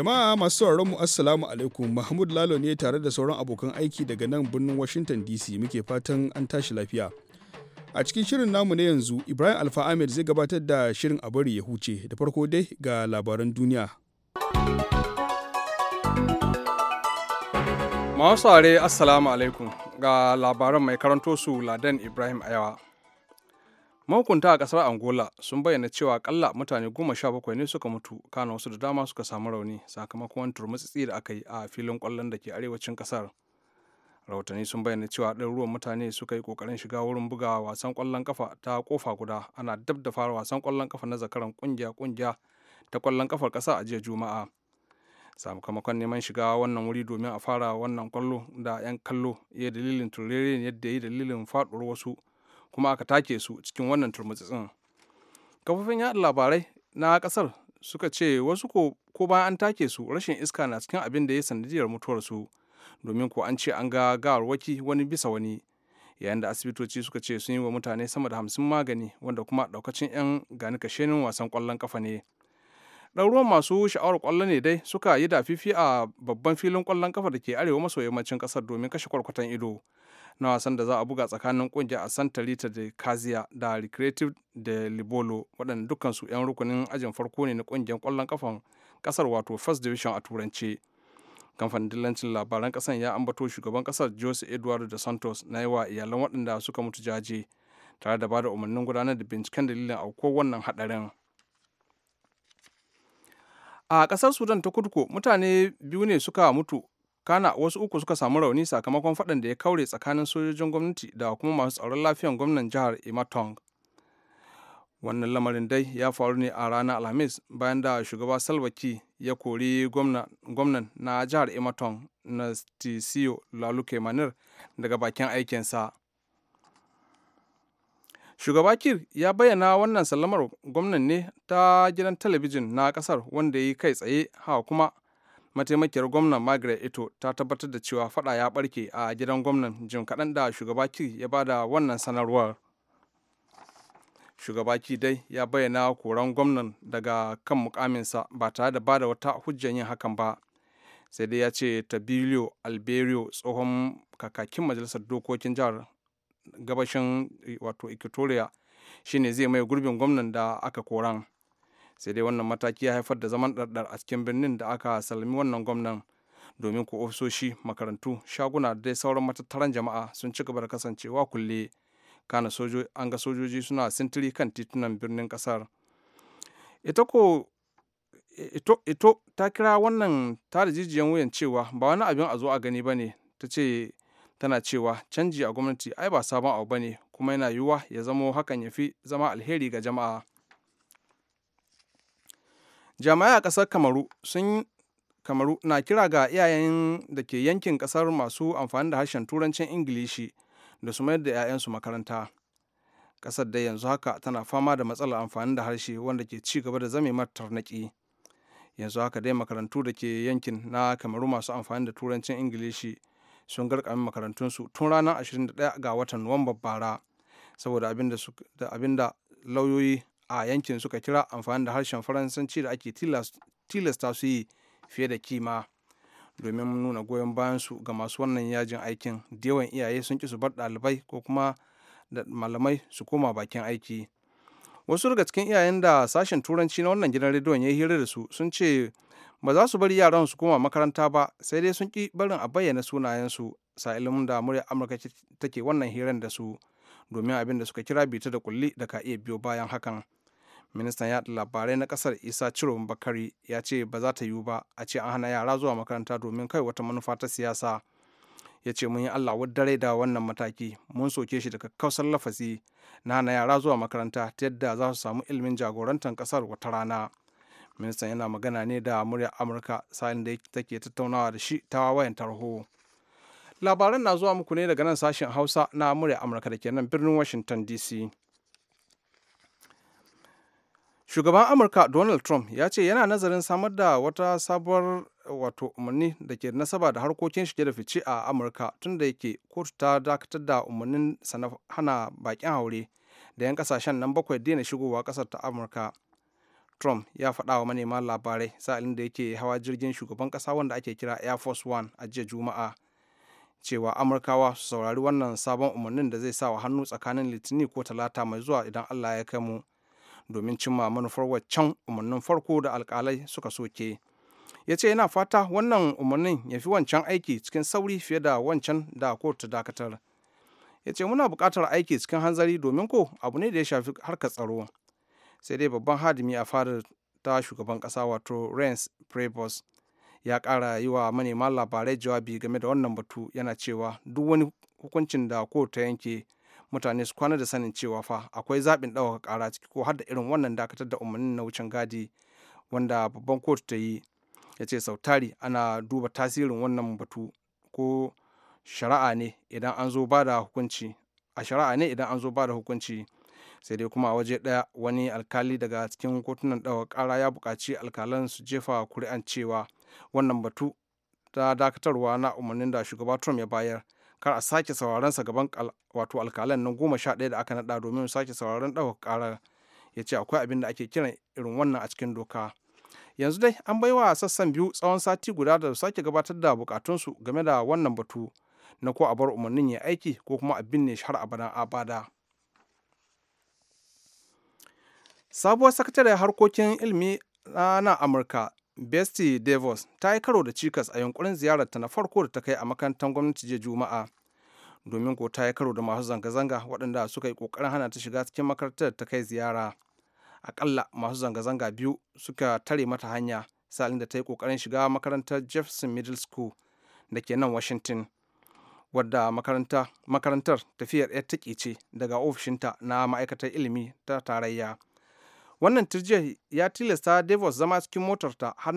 Jama'a masu sauraron mu Assalamu alaikum Mahmud Lalo ne tare da sauran abokan aiki daga nan birnin Washington DC muke fatan an tashi lafiya. A cikin shirin namu na yanzu Ibrahim Alfa Ahmed zai gabatar da shirin a bari ya huce da farko dai ga labaran duniya. Masu Assalamu alaikum ga labaran mai karanto su Ladan Ibrahim Ayawa. mahukunta a kasar angola sun bayyana cewa akalla mutane goma sha bakwai ne suka mutu kana wasu da dama suka samu rauni sakamakon turmutsitsi da aka yi a filin kwallon da ke arewacin kasar rahotanni sun bayyana cewa ɗaruruwan mutane suka yi kokarin shiga wurin buga wasan kwallon kafa ta kofa guda ana dab da fara wasan kwallon kafa na zakaran kungiya kungiya ta kwallon kafar kasa a jiya juma'a sakamakon neman shiga wannan wuri domin a fara wannan kwallo da 'yan kallo ya dalilin turere yadda ya yi dalilin faɗuwar wasu kuma aka take su cikin wannan turmutsitsin kafofin yaɗa labarai na kasar suka ce wasu ko, bayan an take su rashin iska na cikin abin da ya sanadiyar mutuwar su domin ko an ce an ga gawarwaki wani bisa wani yayin da asibitoci suka ce sun yi wa mutane sama da hamsin magani wanda kuma ɗaukacin 'yan gani kashenin wasan ƙwallon kafa ne ɗaruruwan masu sha'awar kwallo ne dai suka yi dafifi a babban filin kwallon kafa da ke arewa maso yammacin ƙasar domin kashe kwarkwatan ido na wasan da za a buga tsakanin ƙungiyar santa rita da kaziya da recreative da libolo waɗanda dukkansu 'yan rukunin ajin farko ne na kungiyar kwallon kafan ƙasar wato first division a turanci kamfanin dillancin labaran ƙasar ya ambato shugaban ƙasar jose eduardo da santos na yawa iyalan waɗanda suka mutu jaje tare da ba da umarnin gudanar da binciken dalilin aukuwar wannan haɗarin a ƙasar sudan ta kurko mutane biyu ne suka mutu kana wasu uku suka samu rauni sakamakon faɗan da ya kaure tsakanin sojojin gwamnati da kuma masu tsaron lafiyan gwamnan jihar imatong wannan lamarin dai ya faru ne a ranar alhamis bayan da shugaba salwaki ya kori gwamnan na jihar imatong na stisio laluke manir daga bakin aikinsa shugaba kir ya bayyana wannan sallamar gwamnan ne ta gidan talabijin na kasar wanda ya yi kai tsaye haka kuma mataimakiyar gwamnan margaret ito ta tabbatar da cewa fada ya barke a gidan gwamnan jim kaɗan da shugaba kir ya bada wannan sanarwar shugaba ki dai ya bayyana koran gwamnan daga kan mukaminsa ba tare da bada wata hujjan yin hakan ba sai dai ya ce tabilio alberio tsohon kakakin majalisar dokokin jihar gabashin eh, wato equatoria shine zai mai gurbin gwamnan da aka koran sai dai wannan mataki ya haifar da zaman ɗarɗar a cikin birnin da aka salmi wannan gwamnan domin ko ofisoshi makarantu shaguna da dai sauran matattaran jama'a sun ci gaba da kasancewa kulle kana an ga sojoji suna sintiri kan titunan birnin kasar ita ko ito, ta kira wannan tada jijiyan wuyan cewa ba wani abin a zo a gani ba ne ta ce tana cewa canji a gwamnati ai ba sabon abu bane kuma yana yiwuwa ya zamo hakan ya fi zama alheri ga jama'a jami'ai a ƙasar kamaru sun kamaru na kira ga iyayen da ke yankin ƙasar masu amfani da harshen turancin ingilishi da su mayar da 'ya'yansu makaranta ƙasar da yanzu haka tana fama da matsalar amfani da harshe wanda ke ci gaba da zame matarnaki, tarnaƙi yanzu haka dai makarantu da ke yankin na kamaru masu amfani da turancin ingilishi sun makarantun makarantunsu tun ranar 21 ga watan nuwamba bara saboda abin da lauyoyi a yankin suka kira amfani da harshen faransanci da ake tilasta su yi fiye da kima domin nuna goyon bayan su ga masu wannan yajin aikin da yawan iyaye sun ki su bar ɗalibai ko kuma da malamai su koma bakin aiki wasu daga cikin iyayen da sashen turanci na wannan gidan rediyon ya hira da su sun ce ba za su bari yaran su koma makaranta ba sai dai sun ki barin a bayyana sunayensu sa da muryar amurka take wannan hirar da su domin abin da suka kira bita da kulli da ka iya biyo bayan hakan ministan yaɗa labarai na ƙasar isa ciro bakari ya ce ba za ta yiwu ba a ce an hana yara zuwa makaranta domin kai wata manufa ta siyasa ya ce mun yi allah dare da wannan mataki mun soke shi daga kausar lafasi na hana yara zuwa makaranta ta yadda za su samu ilimin jagorantar ƙasar wata rana ministan yana magana ne da muryar amurka sa'in da take tattaunawa da shi ta wayan tarho labaran na zuwa muku ne daga nan sashen hausa na muryar amurka da ke nan birnin washington dc shugaban amurka donald trump ya ce yana nazarin samar da wata sabuwar wato umarni da ke nasaba da harkokin shige da fice a amurka tun da yake kotu ta dakatar da umarnin sana hana bakin haure da 'yan kasashen nan bakwai daina shigowa kasar ta amurka trump ya faɗa wa manema labarai sa'ilin da yake hawa jirgin shugaban ƙasa wanda ake kira air force one a jiya juma'a cewa amurkawa su saurari wannan sabon umarnin da zai sa wa hannu tsakanin litinin ko talata mai zuwa idan allah ya kai mu domin cimma manufar waccan umarnin farko da alƙalai suka soke ya ce yana fata wannan umarnin ya fi wancan aiki cikin sauri fiye da wancan da kotu dakatar ya ce muna buƙatar aiki cikin hanzari domin ko abu ne da ya shafi harkar tsaro sai dai babban hadimi a fadar ta shugaban kasa wato rens prebos ya kara yi wa manema labarai jawabi game da wannan batu yana cewa duk wani hukuncin da kotu ta yanke mutane su kwana da sanin cewa fa akwai zaɓin ɗaukaka ƙara ciki ko har da irin wannan dakatar da umarnin na wucin gadi wanda babban kotu ta yi ya ce sautari ana duba tasirin wannan batu ko a shari'a ne idan an zo ba da hukunci sai dai kuma a waje ɗaya wani alkali daga cikin kotunan ɗaukar ƙara ya bukaci alkalan su jefa kuri'an cewa wannan batu ta dakatarwa na umarnin da shugaba trump ya bayar kar a sake sauraron gaban wato alkalan nan goma sha ɗaya da aka naɗa domin sake sauraron ɗaukar ƙara ya ce akwai abin da ake kiran irin wannan a cikin doka yanzu dai an bai wa sassan biyu tsawon sati guda da sake gabatar da bukatunsu game da wannan batu na ko a bar umarnin ya aiki ko kuma a binne shi har abada abada Sabuwar sakataren harkokin ilimi na nan Amurka, besti DeVos, ta yi karo da cikas a yunkurin ziyararta na farko da ta kai a makarantar gwamnati jiya Juma'a. Domin ko ta yi karo da masu zanga-zanga waɗanda suka yi ƙoƙarin hana ta shiga cikin makarantar da ta kai ziyara. Akalla masu zanga-zanga biyu suka tare mata hanya salin da ta yi ƙoƙarin shiga makarantar Jefferson Middle School da ke nan Washington. Wadda makarantar tafiyar 'yar take ce daga ofishinta na ma'aikatar ilimi ta tarayya. wannan tirjiyar ya tilasta Davos zama cikin motarta har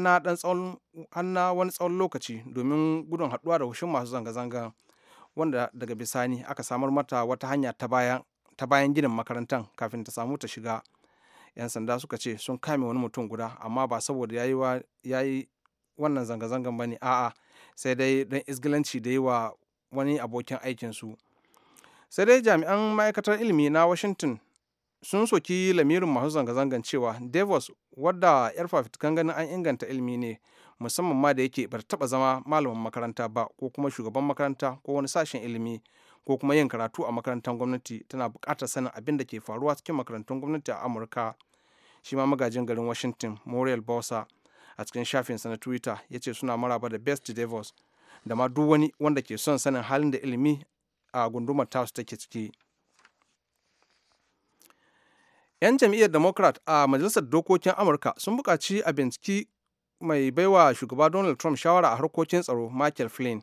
na wani tsawon lokaci domin gudun haduwa da hushin masu zanga-zanga wanda daga bisani aka samar mata wata hanya ta bayan ginin makarantar kafin ta samu ta shiga 'yan sanda suka ce sun kame wani mutum guda amma ba saboda ya yi wannan zanga-zangan ba ne a'a sai dai dan isgilanci da yi wa wani abokin aikinsu sai dai jami'an ma'aikatar ilimi na washington sun soki lamirin masu zanga zangan cewa davos wadda yar fafitikan ganin an inganta ilimi ne musamman ma da yake bar taba zama malamin makaranta ba ko kuma shugaban makaranta ko wani sashen ilimi ko kuma yin karatu a makarantar gwamnati tana buƙatar sanin abin da ke faruwa cikin makarantun gwamnati a amurka shi ma magajin garin washington moriel bosa a cikin shafinsa na twitter ya ce suna maraba da best devos da ma duk wani wanda ke son sanin halin da ilimi a gundumar tasu take ciki 'Yan jam'iyyar Democrat a Majalisar Dokokin Amurka sun buƙaci a binciki mai baiwa shugaba Donald Trump shawara a harkokin tsaro Michael Flynn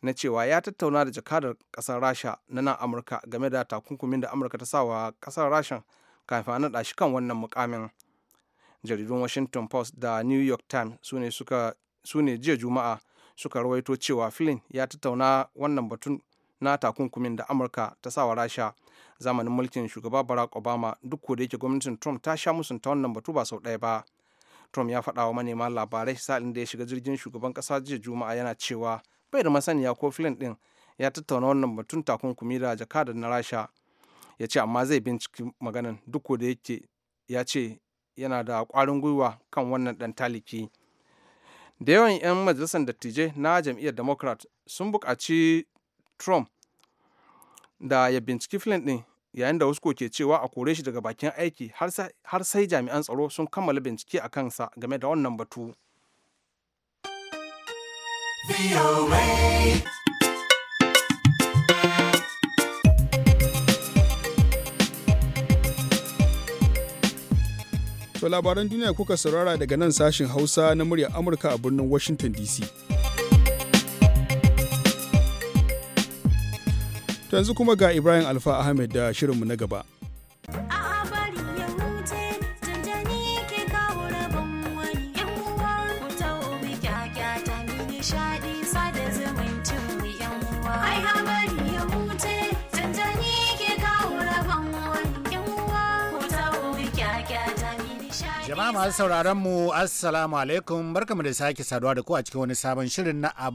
na cewa ya tattauna da jakadar ƙasar Rasha na nan Amurka game da takunkumin da Amurka ta sa wa ƙasar Rasha kafin a naɗa shi kan wannan mukamin. Jaridun Washington Post da New York Times su ne jiya Juma'a suka rawaito cewa Flynn ya tattauna wannan batun na takunkumin da Amurka ta sa wa Rasha zamanin mulkin shugaba barack obama duk da yake gwamnatin trump ta sha musunta wannan batu ba sau ɗaya ba trump ya faɗawa manema labarai sa'in da ya shiga jirgin shugaban ƙasa jiya juma'a yana cewa bai da masaniya ko filin ɗin ya tattauna wannan batun takunkumi da jakadar na rasha ya ce amma zai binciki maganan duk da yake ya ce yana da ƙwarin gwiwa kan wannan ɗan taliki da yawan 'yan majalisar dattijai na jam'iyyar democrat sun buƙaci trump da ya binciki ɗin yayin da wasu ke cewa a kore shi daga bakin aiki har sai jami'an tsaro sun kammala bincike a kansa game da wannan batu. To labaran duniya kuka saurara daga nan sashin Hausa na muryar Amurka a birnin Washington DC. yanzu kuma ga Ibrahim Alfa Ahmed da shirinmu na gaba. masu sauraron mu Assalamu alaikum barkamu da sake saduwa da ku a cikin wani sabon shirin na a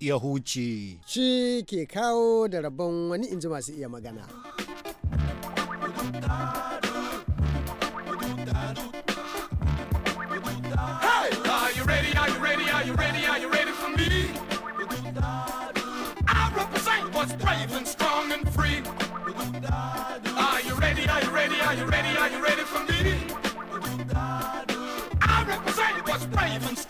ya huce. Shi ke kawo da rabon wani inji masu iya magana. diamonds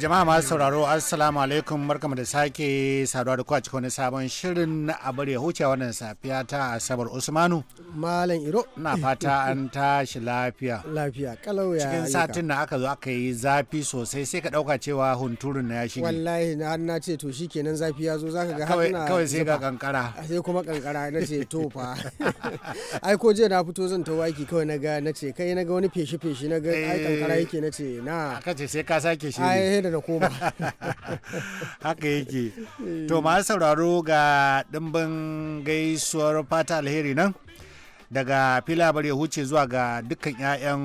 jama'a masu sauraro assalamu alaikum barkamu da sake saduwa da ku wani sabon shirin a bari ya huce wannan safiya ta asabar usmanu malam iro na fata an tashi lafiya lafiya kalau ya cikin satin na aka zo aka yi zafi sosai sai ka dauka cewa hunturun na ya shige wallahi na har na ce to shikenan zafi ya zo zaka ga har na kawai sai ga kankara sai kuma kankara na ce to fa ai ko jiya na fito zan ta waki kawai na ga na ce kai na ga wani feshi feshi na ga ai eh. kankara yake na ce na aka ce sai ka sake shi ai da na koma haka yake to ma sauraro ga dimbin gaisuwar fata alheri nan daga filabar ya huce zuwa ga dukkan 'ya'yan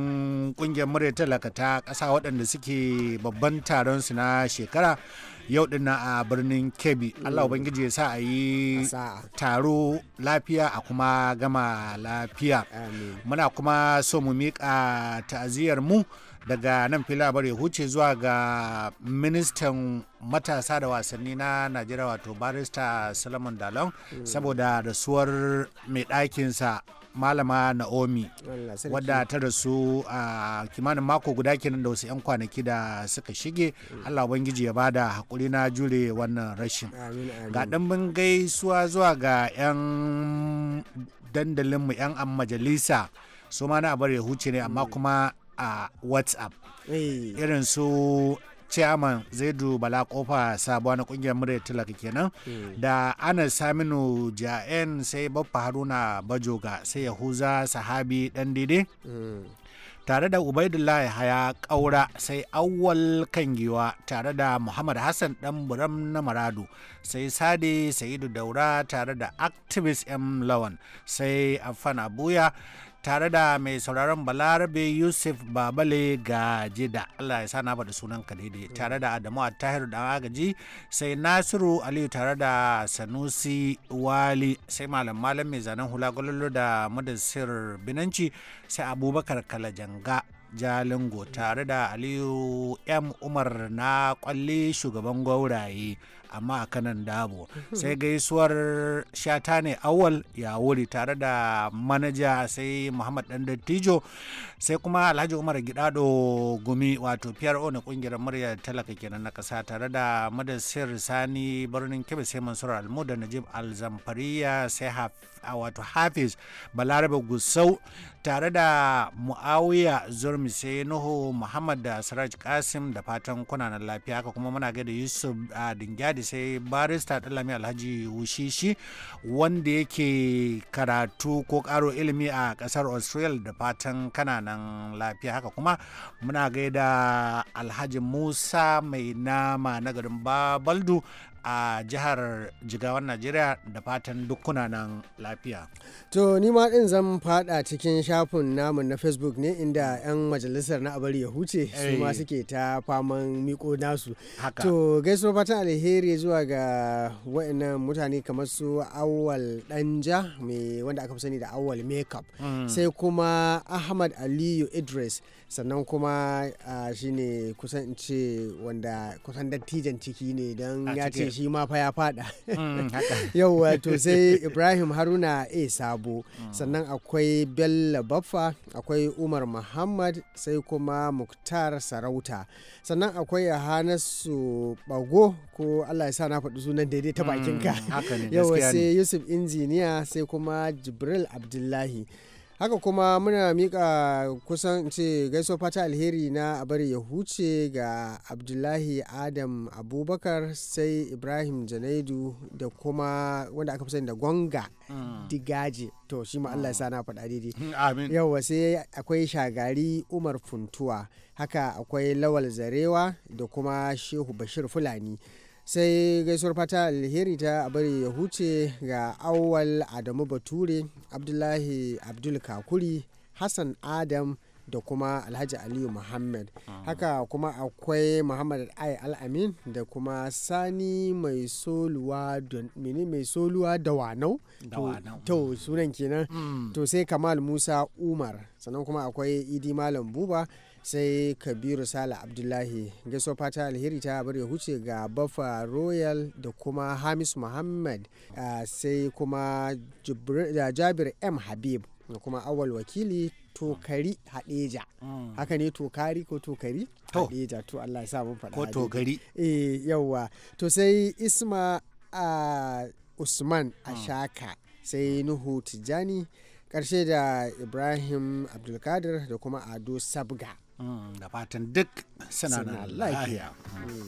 kungiyar murya talaka ta ƙasa waɗanda suke babban taron su na shekara yau din a birnin kebbi allah ubangiji ya sa a yi taro lafiya a kuma gama lafiya muna kuma so mu mika ta'aziyar mu daga nan filabar ya huce zuwa ga ministan matasa da wasanni na najeriya wato barista solomon dalon hmm. saboda rasuwar mai ɗakinsa malama naomi wadda ta rasu a kimanin mako guda kenan da wasu 'yan kwanaki da suka shige mm. allah ubangiji ya bada hakuri na jure wannan rashin ga ɗan gaisuwa zuwa ga 'yan dandalinmu 'yan majalisa su ma na abar ya huce ne amma mm. kuma a whatsapp eh. irin su chairman zaidu bala kofa sabuwa na kungiyar murya talaka kenan hmm. da ana saminu ja'en sai babba haruna bajoga sai yahuza sahabi dan daidai hmm. tare da ubaidullahi haya kaura sai awwal kangiwa tare da muhammad hassan dan buram na maradu sai sade sa'idu daura tare da activist m lawan sai afan abuya tare da mai sauraron balarabe yusuf babale gaji da allah ya sa na da sunan ka daidai mm. tare da adamu tahiru da agaji sai nasiru aliyu tare da sanusi wali sai malam malam mai zanen hula gwalolo da madasir binanci sai abubakar kalajanga jalingo mm. tare da aliyu m umar na kwalle shugaban gwauraye amma a kanan dabo sai gaisuwar shata ne awal ya wuri tare da manaja sai muhammad dan dattijo sai kuma alhaji umar gidado gumi wato pro na kungiyar murya talaka kenan na kasa tare da madasir sani birnin kebe sai mansur almu da najib alzamfariya sai a wato hafiz balarabe gusau tare da muawiya zurmi sai nuhu muhammad da siraj kasim da fatan kuna na lafiya ka kuma muna gaida yusuf a dingyadi misali sai barista lami alhaji wushishi wanda yake karatu ko karo ilimi a ƙasar australia da fatan kananan lafiya haka kuma muna gaida alhaji musa mai nama na garin babaldu a jihar Jigawar najeriya da fatan dukkuna nan lafiya to ni ma din zan fada cikin shafin namu na facebook ne inda 'yan majalisar na abar ya huce su ma eh. suke ta faman miko nasu to gaisuwar fatan alheri zuwa ga wa'annan mutane kamar su awal danja mai wanda aka fi sani da awal makeup mm. sai kuma ahmad aliyu idris sannan kuma shi ne kusan in ce wanda kusan dattijan ciki ne don ya ce shi ma fa ya fada mm, yau wato sai ibrahim haruna a sabo mm. sannan akwai bello baffa akwai umar muhammad sai kuma muktar sarauta sannan akwai su bago ko allah ya sa na faɗi sunan daidai ta mm, bakinka yau sai yusuf injiniya sai kuma jibril abdullahi haka kuma muna mika kusan ce gaiso fata alheri na a bari ya huce ga abdullahi adam abubakar sai ibrahim janaidu da kuma wanda aka fi sani da gonga mm. digaje to shi ma allah ya sa na faɗa daidai mm, akwai shagari umar funtuwa haka akwai lawal zarewa da kuma shehu bashir fulani sai gaisuwar fata alheri ta bari ya huce ga awal adamu bature abdullahi abdul kakuri hassan adam da kuma alhaji aliyu muhammad mm. haka kuma akwai muhammad ai al'amin da kuma sani mai soluwa da wanau to sunan kenan mm. to sai kamal musa umar sannan kuma akwai idi malam buba sai kabiru sala abdullahi gaisuwa fata alheri ta bar ya huce ga baffa royal da kuma hamis muhammad sai kuma jabir m habib da kuma awal wakili tokari hadeja mm. haka ne tokari ko tokari hadeja to allah ya sa mun faɗa ko tokari eh yawa to sai isma usman mm. ashaka sai nuhu tijani karshe da ibrahim abdulkadir da kuma ado sabga Mm, da fatan duk suna lafiya. Mm.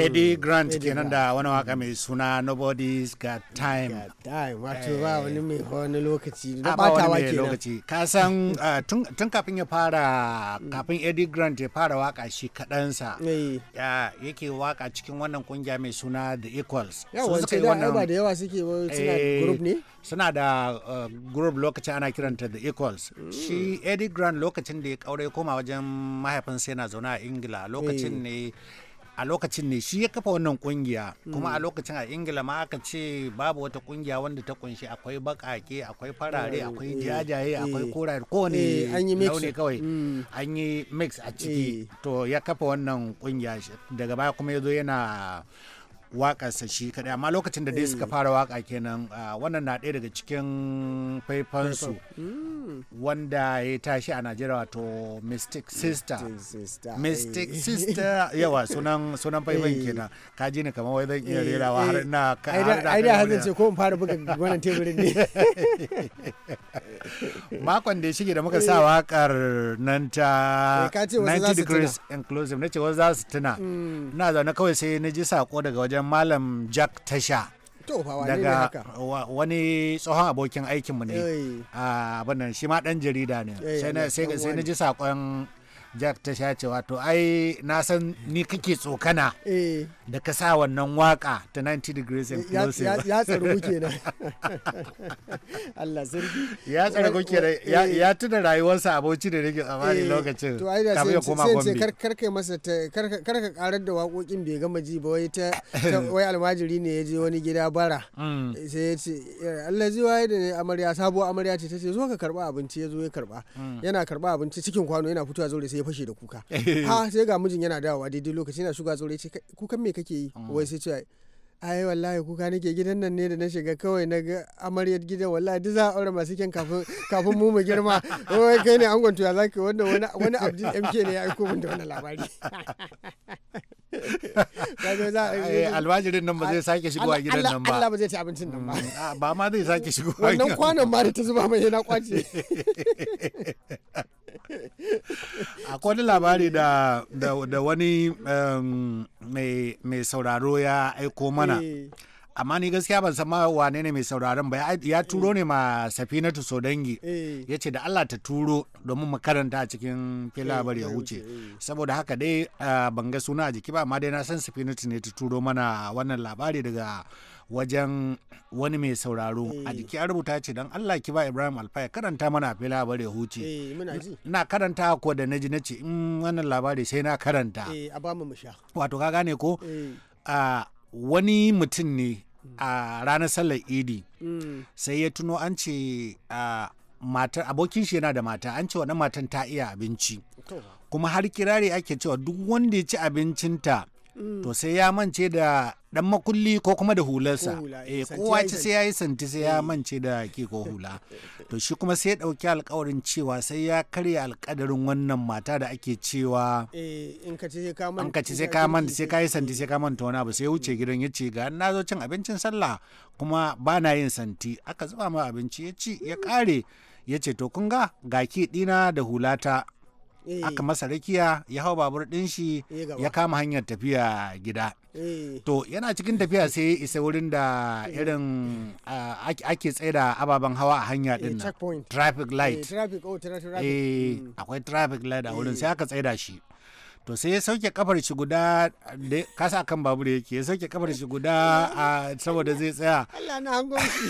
Mm. eddie grant kenan da wani waka mai suna nobody's got time got time wato eh. ba wani mai wani lokaci ah, na batawa kenan lokaci ka san ah, tun kafin ya fara mm. kafin eddie grant ya fara waka shi kadansa eh. yake waka cikin wannan kungiya mai suna the equals yawa suka da ba da yawa suke suna eh, group ne suna da group lokacin ana kiranta the equals mm. shi eddie grant lokacin da ya kaure koma wajen mahaifinsa yana zaune a ingila lokacin ne a lokacin ne shi ya kafa wannan kungiya kuma a mm. lokacin a ingila ma aka ce babu wata kungiya wanda ta kunshi akwai bakake akwai farare eh, akwai eh, jajaye eh, akwai koraye kowane launi kawai mm. an yi mix a ciki to ya kafa wannan kungiya daga baya kuma ya zo yana wakarsa shi kaɗai amma lokacin da dai suka mm. fara waƙa kenan ah, wannan na ɗaya daga cikin faifansu mm. wanda ya tashi a najeriya wato mystic sister mystic sister eh. yawa sunan sunan faifan eh. kenan ka ji ni kamar wai zan iya eh, rerawa har na har da hazin ce ko in fara buga wannan teburin ne makon da ya shige da muka sa waƙar nan ta 90 degrees inclusive na ce wasu za su tuna mm. na zaune kawai sai na ji sako daga wajen gidan malam jack tasha daga wani tsohon abokin aikinmu ne a ah, nan shi ma dan jarida ne sai na ji sakon jack ta sha cewa to ai na san ni kake tsokana eh. da ka sa wannan waka ta 90 degrees and close ya kuke kenan Allah zargi ya kuke kenan eh. ya tuna rayuwarsa aboci da nake tsamani eh. lokacin to ai da sai sai kar kai masa kar ka karar da wakokin bai gama ji ba wai ta wai almajiri ne ya je wani gida bara mm. sai ya ce Allah ji wai da amarya sabo amarya ce ta ce zo ka karba abinci ya zo ya karba mm. yana karba abinci cikin kwano yana fitowa zo da sai ya fashe da kuka eh. ha sai ga mijin yana dawowa daidai lokaci yana shuga tsoro ce kukan me kake yi ah. wai sai cewa ai wallahi kuka nake gidan nan ne da na shiga kawai na ga amaryar gidan wallahi duk za a aure masu kyan kafin kafin mu mu girma wai kai ne angon tuya zaka wanda wani wani abdi mk ne ya aiko min da wannan labari Albajirin nan ba zai sake shigowa gidan nan ba Allah ba zai ci abincin nan ba mm, ba ma zai sake shigowa wannan kwanan ma da ta zuba mai yana kwace akwai wani labari da wani um, mai sauraro ya aiko mana eh. amma ni gaskiya ban san ma wane ne mai sauraron ba ya turo ne ma safinatu sodangi eh. ya ce da allah ta turo domin mu karanta a cikin filabar eh, ya wuce eh. saboda haka dai ban ga suna a jiki ba amma dai na san safinatu ne ta turo mana wannan labari daga wajen wani mai sauraro a jiki an rubuta ce don Allah ki ba Ibrahim Alfaya karanta mana a fila bare huce na karanta ko da naji nace in mm, wannan labari sai na karanta wato ka gane ko wani mutum ne mm. a ranar sallar idi mm. sai ya tuno an ce matar abokin shi yana da mata an ce wannan matan ta iya abinci kuma har kirari ake cewa duk wanda ya ci abincinta Mm. to sai ya mance da dan makulli ko kuma da hularsa eh, eh kowa ci sai ya yi santi sai ya eh. mance da ke ko hula to shi kuma sai ya dauki alkawarin cewa sai ya karya alkadarin wannan mata da ake cewa eh, in ka ci sai ka manta sai ka yi santi sai ka manta wani abu sai ya wuce mm. gidan ya ce ga na zo cin abincin sallah kuma ba na yin santi aka zuba ma abinci ya ya kare mm. ya ce to kun ga ga ki dina da hulata Eh. aka masa rakiya ya hau babur ɗin shi eh, ya kama hanyar tafiya gida eh. to yana cikin tafiya sai ya isa wurin da irin ake tsaida ababen hawa a hanya ɗin traffic light oh, hmm. akwai traffic light a wurin sai aka tsaida shi to sai ya sauke kafar shi guda da kasa kan babur yake ya sauke kafar shi guda a saboda zai tsaya Allah na hango shi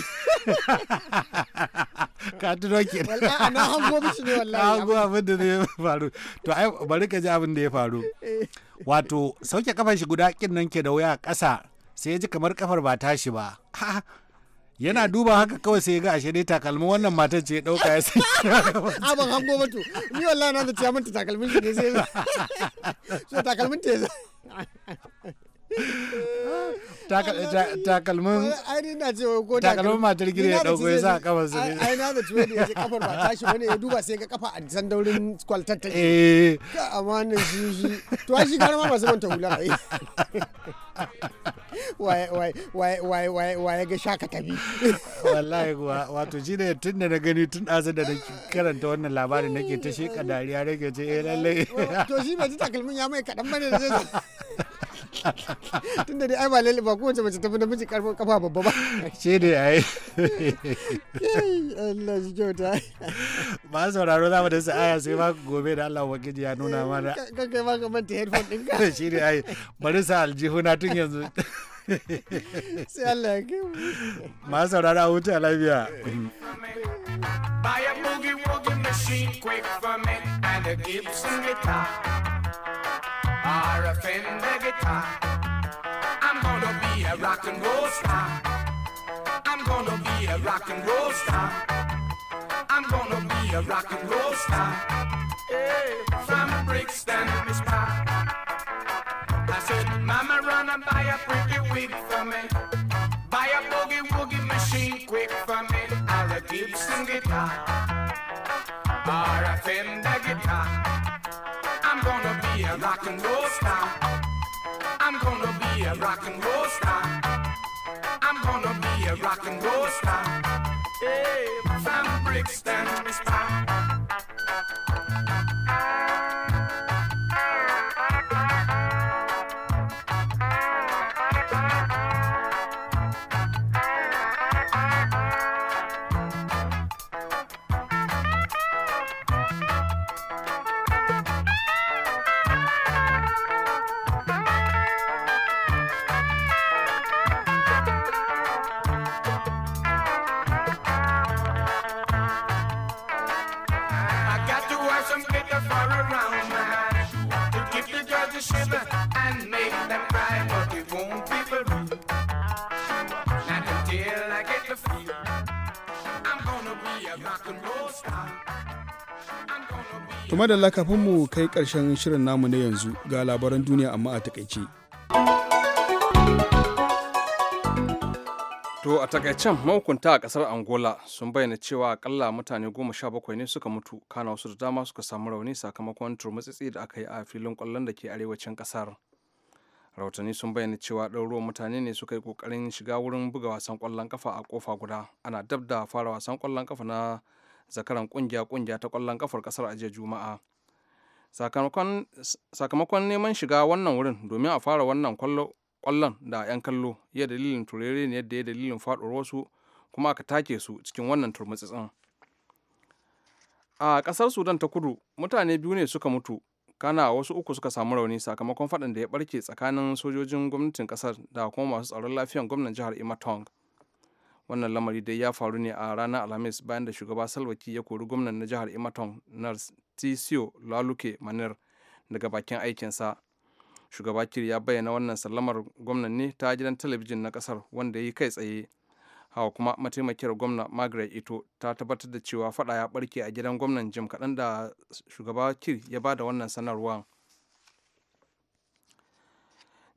ka tuno ke wallahi na hango shi ne wallahi hango abin da zai faru to ai bari ka ji abin da ya faru eh. wato sauke kafar shi guda kin nan ke da wuya kasa sai ya ji kamar kafar ba tashi ba yana duba haka kawai sai ga ashe dai takalmin wannan matar ce ya dauka ya sai a ban hango ba to ni wallahi na zaci manta takalmin shi ne sai so takalmin ta takalmin takalmin matar gida ya dauko ya sa kafar su ne ai na da tuwe da yace kafar ba tashi wani ya duba sai ga kafa a san daurin kwaltar ta eh amma nan shi shi to shi garma ba su manta hula ai waye ga shaka tabi wallahi wato shi ne tun da na gani tun ɗazu da na karanta wannan labarin nake ta shi sheka dariya nake ce eh lallai to shi mai ji takalmin ya mai kaɗan bane da zai tun da dai ai ba lalle ba kowace mace tafi namiji karfin kafa babba ba ce ne ai Allah shi kyauta ba sauraro za mu da su aya sai ma gobe da Allah wakili ya nuna eh, mana kan kai ma ka manta headphone ɗinka shi ne ai bari sa aljihuna tun yanzu sai Allah ya kai ma saurara huta buy a boogie woogie machine quick for me and a Gibson guitar or a Fender guitar I'm gonna be a rock and roll star I'm gonna be a rock and roll star I'm gonna be a rock and roll star from Brixton, Miss Pie I said, Mama, run and buy a freaky it for me. Buy a boogie woogie machine quick for me. I'll a Gibson guitar or a Fender guitar. I'm gonna be a rock and roll star. I'm gonna be a rock and roll star. I'm gonna be a rock and roll star. Hey, from Brixton, Miss Pie. Tuma da kafin mu kai karshen shirin namu na yanzu ga labaran duniya amma a takaice. To a takaicen mahukunta a kasar Angola sun bayyana cewa akalla mutane goma sha bakwai ne suka mutu kana wasu da dama suka samu rauni sakamakon turmutsitsi da aka yi a filin kwallon da ke arewacin kasar. Rahotanni sun bayyana cewa ruwa mutane ne suka yi ƙoƙarin shiga wurin buga wasan kwallon kafa a kofa guda ana dab da fara wasan kwallon kafa na zakaran kungiya-kungiya ta kwallon kafar kasar a jiya juma'a sakamakon neman shiga wannan wurin domin a fara wannan kwallon da 'yan kallo ya dalilin turere ne yadda ya dalilin faɗuwar wasu kuma aka take su cikin wannan turmutsitsin a ƙasar sudan ta kudu mutane biyu ne suka mutu kana wasu uku suka samu rauni sakamakon faɗin da ya ɓarke tsakanin sojojin gwamnatin ƙasar da kuma masu tsaron lafiyan gwamnan jihar imatong wannan lamari dai ya faru ne a ranar alhamis bayan da shugaba salwaki ya kori gwamnan na jihar imaton tisio laluke manir daga bakin aikinsa shugaba kiri ya bayyana wannan sallamar gwamnan ne ta gidan talabijin na kasar wanda ya yi kai tsaye hawa kuma mataimakiyar gwamna margaret ito ta tabbatar da cewa fada ya barke a gidan gwamnan jim kaɗan da shugaba kiri ya ba da wannan sanarwar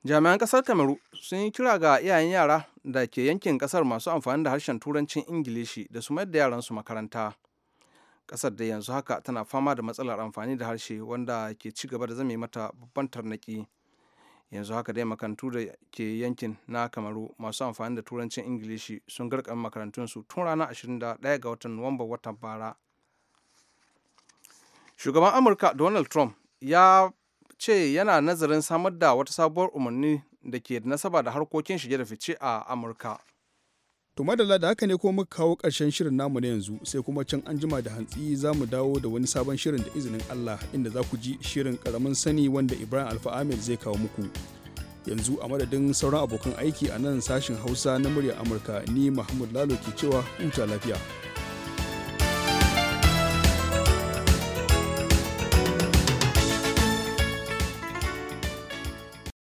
jami'an kasar kamaru sun yi kira ga iyayen yara da ke yankin kasar masu amfani da harshen turancin ingilishi da su mayar da yaransu makaranta kasar da yanzu haka tana fama da matsalar amfani da harshe wanda ke ci gaba da zame mata babban tarnaki yanzu haka dai makarantu da ke yankin na kamaru masu amfani da turancin ingilishi sun makarantun su tun ranar 21 ga watan nuwamba watan bara shugaban amurka donald trump ya ce yana nazarin samar da wata sabuwar umarni da ke da nasaba da harkokin shige da fice a amurka to madalla da haka ne ko muka kawo ƙarshen shirin namu na yanzu sai kuma can an jima da hantsi za mu dawo da wani sabon shirin da izinin allah inda za ku ji shirin karamin sani wanda ibrahim alfa ahmed zai kawo muku yanzu a madadin sauran abokan aiki a nan sashin hausa na muryar amurka ni mahmud lalo ke cewa huta lafiya